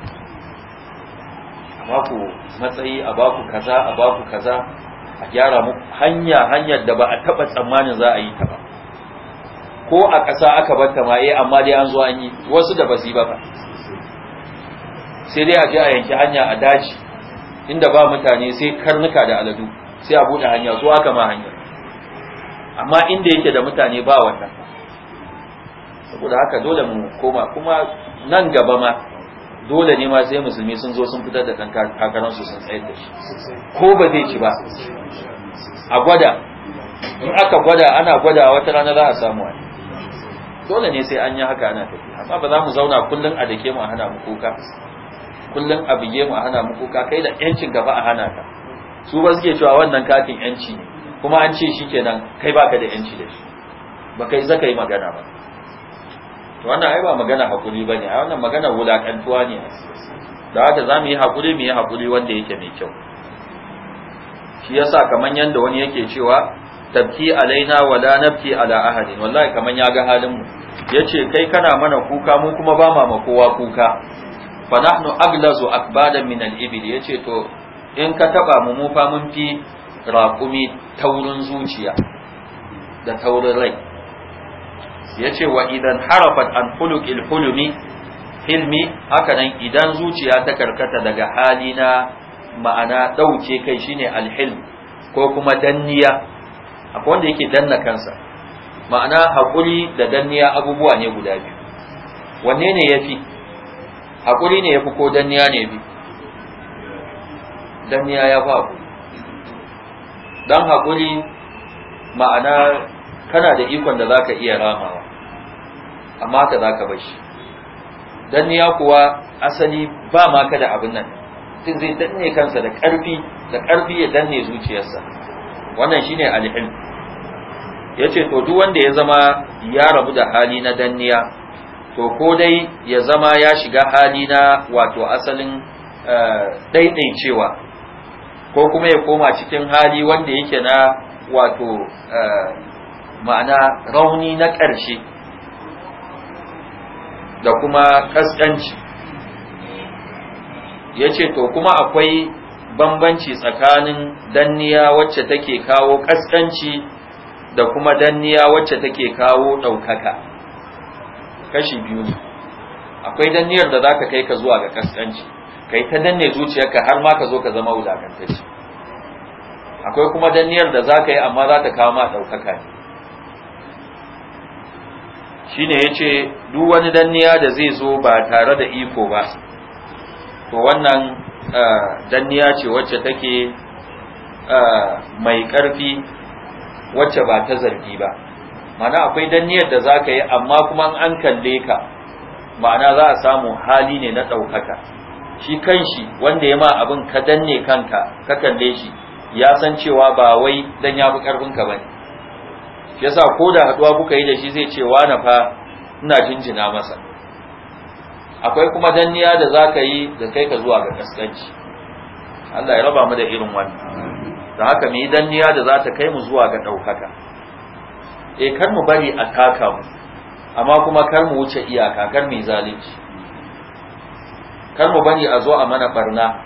baku matsayi a baku kaza a baku kaza a gyara mu hanya hanyar da ba a taba tsammanin za a yi ta ba ko a ƙasa aka barta ma eh amma dai an zo an yi wasu da yi ba sai dai a je a yanki hanya a daji inda ba mutane sai karnuka da aladu sai a buɗe hanya zuwa aka ma hanya amma inda yake da mutane ba wata. saboda haka dole mu koma kuma nan gaba ma dole ne ma sai musulmi sun zo sun fitar da ɗan su sun tsayar da shi ko ba zai ci ba a gwada in aka gwada ana gwada wata rana za a samu wani dole ne sai an yi haka ana tafi amma ba za mu zauna kullum a dake mu a hana mu kuka kullum a bige mu a hana mu kuka kai da yancin gaba a hana ka su ba suke cewa wannan katin yanci ne kuma an ce shi kenan kai baka da yanci da shi ba kai zaka yi magana ba wannan ai ba magana hakuri bane, a wannan magana wulakantuwa ne da haka za mu yi hakuri mu yi hakuri wanda yake mai kyau shi yasa kamar yadda wani yake cewa tabki alaina wala nafki ala ahadin wallahi kaman ya ga halin mu yace kai kana mana kuka mu kuma ba ma kowa kuka fa nahnu aglazu akbadan min al-ibil yace to in ka taba mu mu fa mun fi raqumi taurin zuciya da taurin rai yace wa idan harafat an khuluqil hulumi hilmi haka nan idan zuciya ta karkata daga hali na ma'ana dauke kai shine alhilm ko kuma danniya akwai wanda yake danna kansa ma'ana hakuri da danniya abubuwa ne guda biyu wanne ne yafi hakuri ne yafi ko danniya ne bi danniya ya fa dan hakuri ma'ana kana da ikon da zaka iya ramawa amma haka za ka bar shi danniya kuwa asali ba ma ka da abin nan tun zai danne kansa da ƙarfi da ƙarfi ya danne zuciyarsa wannan shine Ya ce to duk wanda ya zama ya rabu da hali na danniya to ko dai ya zama ya shiga hali na wato asalin eh, ɗaiɗaicewa ko kuma ya koma cikin hali wanda yake na wato eh, ma'ana rauni na ƙarshe da kuma kaskanci ya ce to kuma akwai bambanci tsakanin danniya wacce take kawo kaskanci da kuma danniya wacce take kawo ɗaukaka kashi biyu ne akwai danniyar da zaka kai ka zuwa ga kaskanci kai ta danne zuciyarka har ma ka zo ka zama wulakantacce akwai kuma danniyar da zaka yi amma za ta kawo ma ɗaukaka ne shine yace duk wani danniya da zai zo ba tare da iko ba to wannan danniya ce wacce take mai karfi wacce ba ta zargi ba mana akwai danniyar da zaka yi amma kuma an kalle ka ma'ana za a samu hali ne na ɗaukaka shi kanshi wanda ya ma abin ka danne kanka ka kalle shi ya san cewa ba wai dan ya fi karfin ka bane yasa ko da haduwa kuka yi da shi zai ce wa fa ina jinjina masa akwai kuma danniya da za ka yi da kai ka zuwa ga kaskanci Allah ya raba mu da irin wannan da haka mu yi danniya da za ta kai mu zuwa ga ɗaukaka eh kar mu bari a taka mu amma kuma kar mu wuce iyaka kar mu yi zalunci kar mu bari a zo a mana barna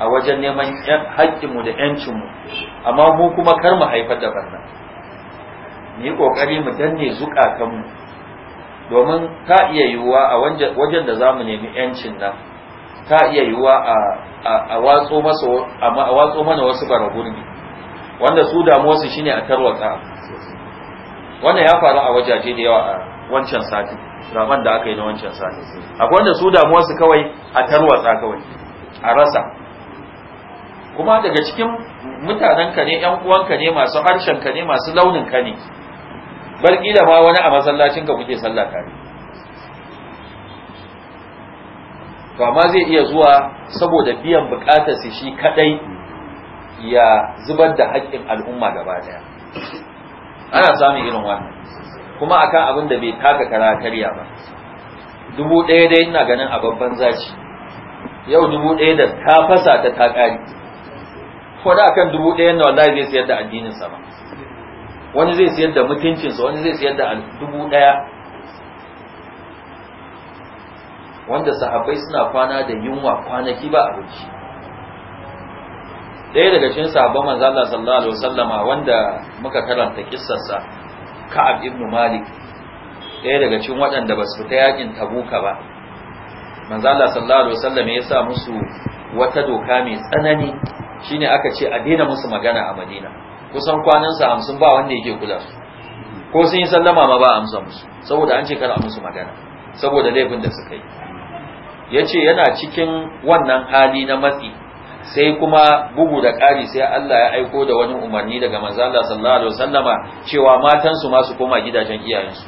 a wajen neman haƙƙinmu da 'yancinmu amma mu kuma kar mu haifar da barna mu yi kokari mu danne zukatanmu domin ta iya yiwuwa a wajen da za mu nemi yancin nan ta iya yiwuwa a watso mana wasu baragurbi wanda su damuwarsu shine a tarwatsa wannan ya faru a wajaje da yawa a wancan sati raman da aka yi na wancan sati akwai wanda su damuwarsu kawai a tarwatsa kawai a rasa kuma daga cikin mutanenka ne yan uwanka ne masu harshenka ne masu launinka ne bar kila ma wani a masallacin ka kuke sallah tare to amma zai iya zuwa saboda biyan bukatar shi shi kadai ya zubar da haƙƙin al'umma gaba daya ana samun irin wannan kuma akan abin da bai taka kara karya ba dubu ɗaya dai ina ganin a babban zaci yau dubu ɗaya da ta fasa ta ta ko da akan dubu ɗaya na wallahi zai sayar da addinin sama ba wani zai siyar da mutuncinsa wani zai siyar da dubu ɗaya wanda sahabbai suna kwana da yunwa kwanaki ba abinci ɗaya daga cikin sahabban manzo Allah sallallahu alaihi wasallama wanda muka karanta kissarsa Ka'ab ibn Malik ɗaya daga cikin waɗanda ba su fita yakin Tabuka ba manzo Allah sallallahu alaihi wasallama ya sa musu wata doka mai tsanani shine aka ce a daina musu magana a Madina kusan kwanansa hamsin ba wanda yake kula su ko sun yi sallama ma ba amsa musu saboda an ce kar a musu magana saboda laifin da suka yi ya ce yana cikin wannan hali na matsi sai kuma bugu da ƙari sai Allah ya aiko da wani umarni daga manzo Allah sallallahu alaihi wasallama cewa matansu ma su koma gidajen iyayensu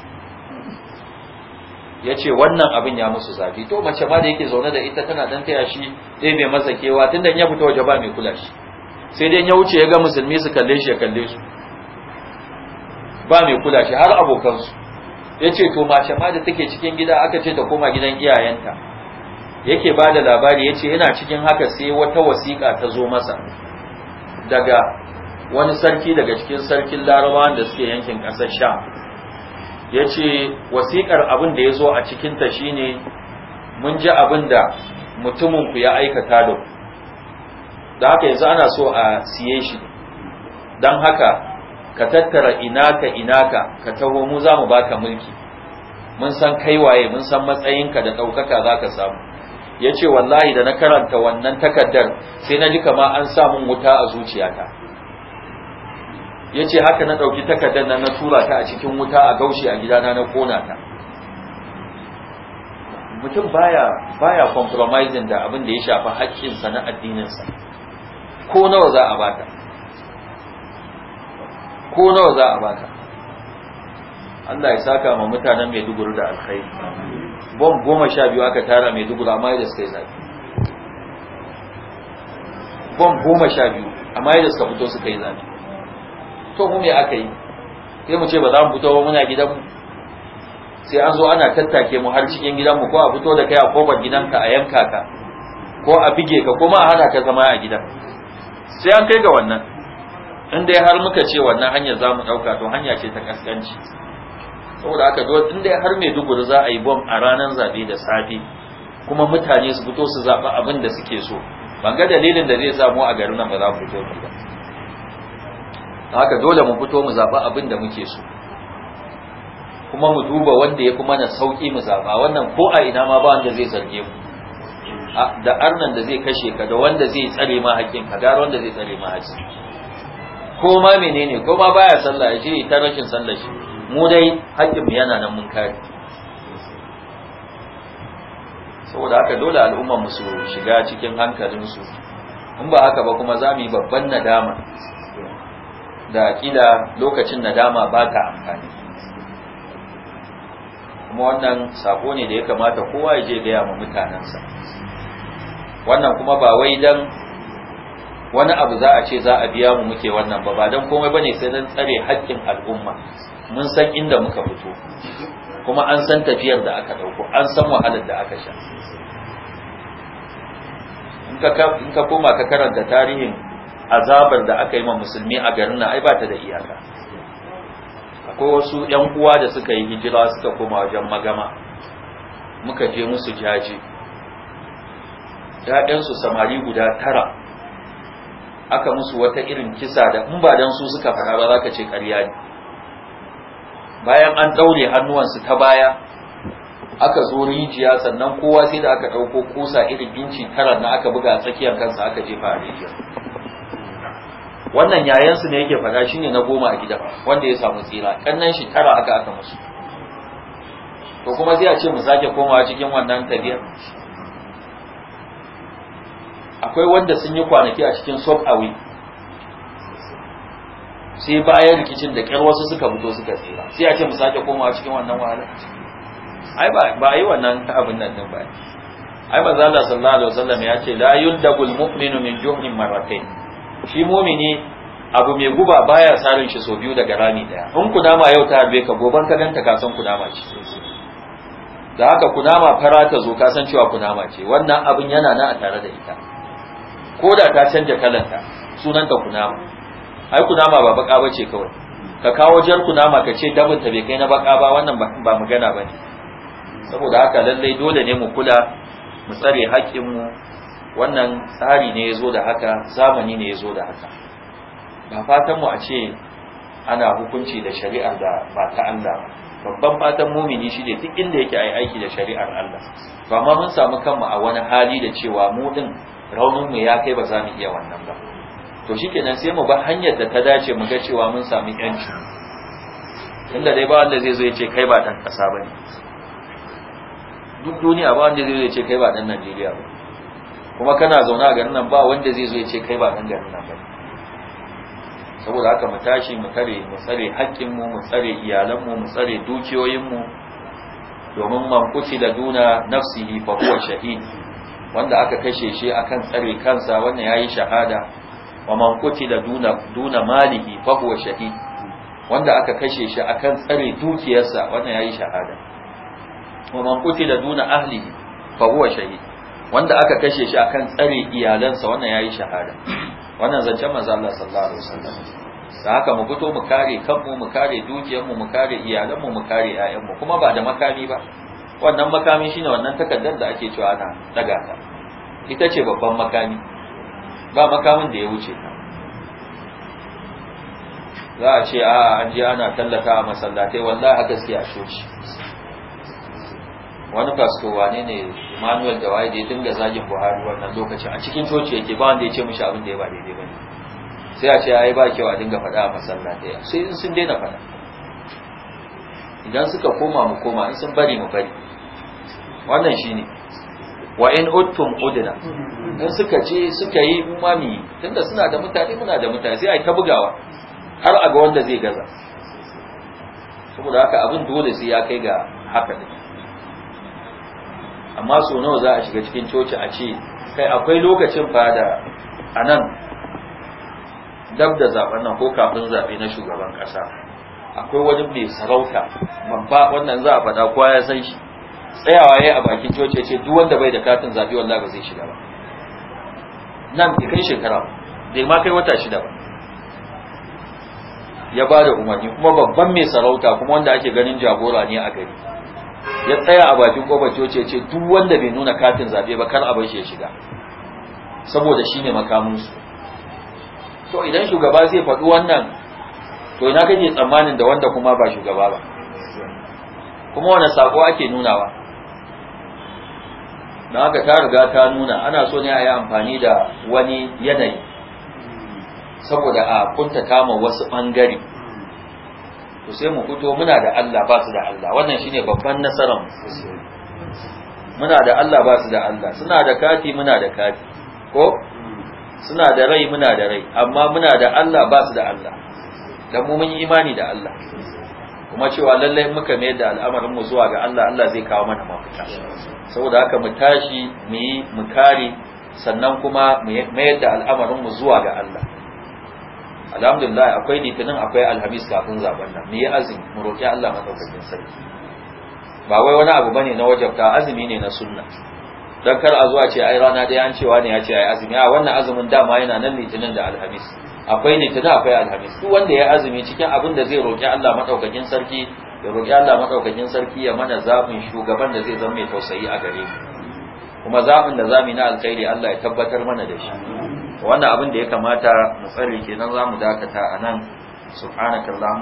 ya ce wannan abin ya musu zafi to mace ma da yake zaune da ita tana dan taya shi mai masa kewa tunda ya fita waje ba mai kula shi sai dai ya wuce ya ga musulmi su kalle shi ya kalle su ba mai kula shi har abokansu ya ce to mace ma da take cikin gida aka ce ta koma gidan iyayenta yake ba da labari ya ce yana cikin haka sai wata wasiƙa ta zo masa daga wani sarki daga cikin sarkin larawa da suke yankin ƙasar sha ya ce wasiƙar abin da ya zo a cikinta shine mun ji abin da mutumin ku ya aikata da ku da haka yanzu ana so a siye shi don haka ka tattara inaka ina ka taho mu za mu baka mulki mun san kai waye mun san matsayinka da ɗaukaka za ka samu ya ce wallahi da na karanta wannan takaddar sai na ji kama an samun wuta a zuciyata ya ce haka na ɗauki takaddar nan na tura ta a cikin wuta a gaushe a gidana na kona ta mutum baya baya compromising da abin da ya shafi haƙƙinsa na addininsa ko nawa za a baka ko nawa za a baka Allah ya saka ma mutanen Maiduguri da alkhairi bom goma sha biyu aka tara Maiduguri amma yadda suka yi zafi bom goma sha biyu amma yadda suka fito suka yi zafi to mu me aka yi sai mu ce ba za mu fito ba muna gidanmu sai an zo ana tattake mu har cikin gidanmu ko a fito da kai a kofar gidanka a yanka ka ko a bige ka kuma a hana ka zama a gidan sai an kai ga wannan in dai har muka ce wannan hanyar za mu ɗauka to hanya ce ta kaskanci saboda haka in dai har mai duguri za a yi bom a ranar zaɓe da safe kuma mutane su fito su zaɓi abin da suke so ban ga dalilin da zai samu a garin nan ba za mu fito mu ba haka dole mu fito mu zaɓi abin da muke so kuma mu duba wanda ya kuma na sauƙi mu zaɓa wannan ko a ina ma ba wanda zai zarge mu da arnan da zai kashe ka da wanda zai tsare ma hakkin ka gara wanda zai tsare ma haƙƙi ko ma menene ko ma baya sallah ya ce ta rashin sallah shi mu dai hakkin mu yana nan mun kare saboda haka dole al'umma mu su shiga cikin hankalin su in ba haka ba kuma zamu yi babban nadama da kila lokacin nadama ba ta amfani kuma wannan sako ne da ya kamata kowa ya je gaya ma mutanensa wannan kuma ba wai dan wani abu za a ce za a biya mu muke wannan ba ba dan komai bane sai dan tsare haƙƙin al'umma mun san inda muka fito kuma an san tafiyar da aka dauko an san wahalar da aka sha in ka koma ka karanta tarihin azabar da aka yi ma musulmi a garin nan ai ba ta da iyaka akwai wasu yan uwa da suka yi hijira suka koma wajen magama muka je musu jaji ‘ya'yansu samari guda tara aka musu wata irin kisa da in ba don su suka fara ba za ka ce ƙarya ne bayan an ɗaure hannuwansu ta baya aka zo rijiya sannan kowa sai da aka ɗauko kusa irin inci tara na aka buga a tsakiyar kansa aka jefa a rijiya wannan yayansu ne yake faɗa shine na goma a gida wanda ya samu tsira ƙannan shi tara aka aka musu to kuma sai a ce mu sake komawa cikin wannan tafiyar akwai wanda sun yi kwanaki a cikin sob awi sai bayan rikicin da ƙyar wasu suka fito suka tsira sai a ce mu sake komawa cikin wannan wahala ai ba a yi wannan abin nan din ba ai manzo Allah sallallahu alaihi wasallam ya ce la yuldagul mu'minu min juhnin marratayn shi mu'mini abu mai guba baya sarin shi so biyu daga rami daya in kunama yau ta harbe ka goban ka ganta ka san kunama ce da haka kunama fara ta zo ka san cewa kunama ce wannan abin yana nan a tare da ita ko da ta canja kalanta sunan sunanta kunama ai kunama ba baka bace kawai ka kawo jar kunama ka ce dabin ta bai kai na baka ba wannan ba magana bane saboda haka lallai dole ne mu kula mu tsare haƙƙin mu wannan tsari ne yazo da haka zamani ne yazo da haka ba fatan mu a ce ana hukunci da shari'ar da ba ta Allah babban fatan mumini ne duk inda yake ai aiki da shari'ar Allah to amma mun samu kanmu a wani hali da cewa mu din raunin mu ya kai ba za mu iya wannan ba to shikenan sai mu ba hanyar da ta dace mu ga cewa mun samu yanci inda dai ba wanda zai zo ya ce kai ba dan kasa ne. duk duniya ba wanda zai zo ya ce kai ba dan Najeriya ba kuma kana zauna a garin nan ba wanda zai zo ya ce kai ba dan garin nan ba. saboda haka mu tashi mu tare mu tsare haƙƙin mu mu tsare iyalan mu mu tsare dukiyoyin mu domin man kuci da duna nafsihi fa huwa shahid wanda aka kashe shi akan tsare kansa wannan yayi shahada wa man da duna duna malihi fa huwa shahid wanda aka kashe shi akan tsare dukiyarsa wannan yayi shahada wa man da duna ahlihi fa huwa shahid wanda aka kashe shi akan tsare iyalansa wannan yayi shahada wannan zancen manzo Allah sallallahu alaihi wasallam da haka mu fito mu kare kanmu mu kare dukiyarmu mu kare iyalanmu mu kare 'ya'yanmu kuma ba da makami ba wannan makami shine wannan takardar da ake cewa ana daga ta ita ce babban makami ba makamin da ya wuce ta za a ce a an je ana tallata a masallatai wallahi haka sai a shoci wani fasko wane ne manuel da waye da ya dinga zagin Buhari wannan lokacin a cikin coci yake ba wanda ya ce mishi abin da ya ba daidai ne? sai a ce ai ba kyau a dinga faɗa a masallatai sai in sun daina faɗa idan suka koma mu koma in sun bari mu bari wannan shi ne, wa in uttum udina in suka ce suka yi umami tunda suna da mutane muna da mutane sai ai ta bugawa har a ga wanda zai gaza saboda haka abin dole sai ya kai ga haka din amma so nawa za a shiga cikin coci a ce kai akwai lokacin fada a nan dab da zaben nan ko kafin zaɓe na shugaban ƙasa. akwai wani mai sarauta babba wannan za a faɗa kowa ya san shi tsayawa yayi a bakin coci ya ce duk wanda bai da katin zabi wanda ba zai shiga ba nan bai kai shekara bai ma kai wata shida ba ya ba da umarni kuma babban mai sarauta kuma wanda ake ganin jagora ne a gari ya tsaya a bakin kofar coci ya ce duk wanda bai nuna katin zaɓe ba kar a bar shi ya shiga saboda shi ne makaminsu to idan shugaba zai faɗi wannan to ina kake tsammanin da wanda kuma ba shugaba ba kuma wani sako ake nunawa na haka ta riga ta nuna ana so ne a yi amfani da wani yanayi saboda a kunta kama wasu ɓangare to sai mu fito muna da Allah ba su da Allah wannan shine babban nasarar muna da Allah ba su da Allah suna da kati muna da kati ko suna da rai muna da rai amma muna da Allah ba su da Allah dan mu mun yi imani da Allah kuma cewa lallai muka mai da al'amarin mu zuwa ga Allah Allah zai kawo mana mafita saboda haka mu tashi mu yi mu kare sannan kuma mu yadda da al'amarin mu zuwa ga Allah alhamdulillah akwai litinin akwai alhamis kafin zaben nan mu yi azumi mu roki Allah madaukakin sarki ba wai wani abu bane na wajabta azumi ne na sunna dan kar a zuwa ce ai rana dai an cewa ne ya ce ai azumi a wannan azumin dama yana nan litinin da alhamis akwai litinin akwai alhamis duk wanda ya azumi cikin abin da zai roƙi Allah madaukakin sarki ya roƙi Allah madaukakin sarki ya mana zaɓin shugaban da zai zama mai tausayi a gare mu kuma zaɓin da zamu na alkhairi Allah ya tabbatar mana da shi wannan abin da ya kamata mu tsare kenan zamu dakata anan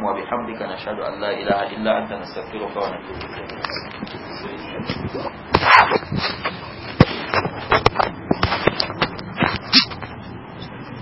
wa bihamdika nashhadu an la Illa illa na nastaghfiruka wa natubu إليك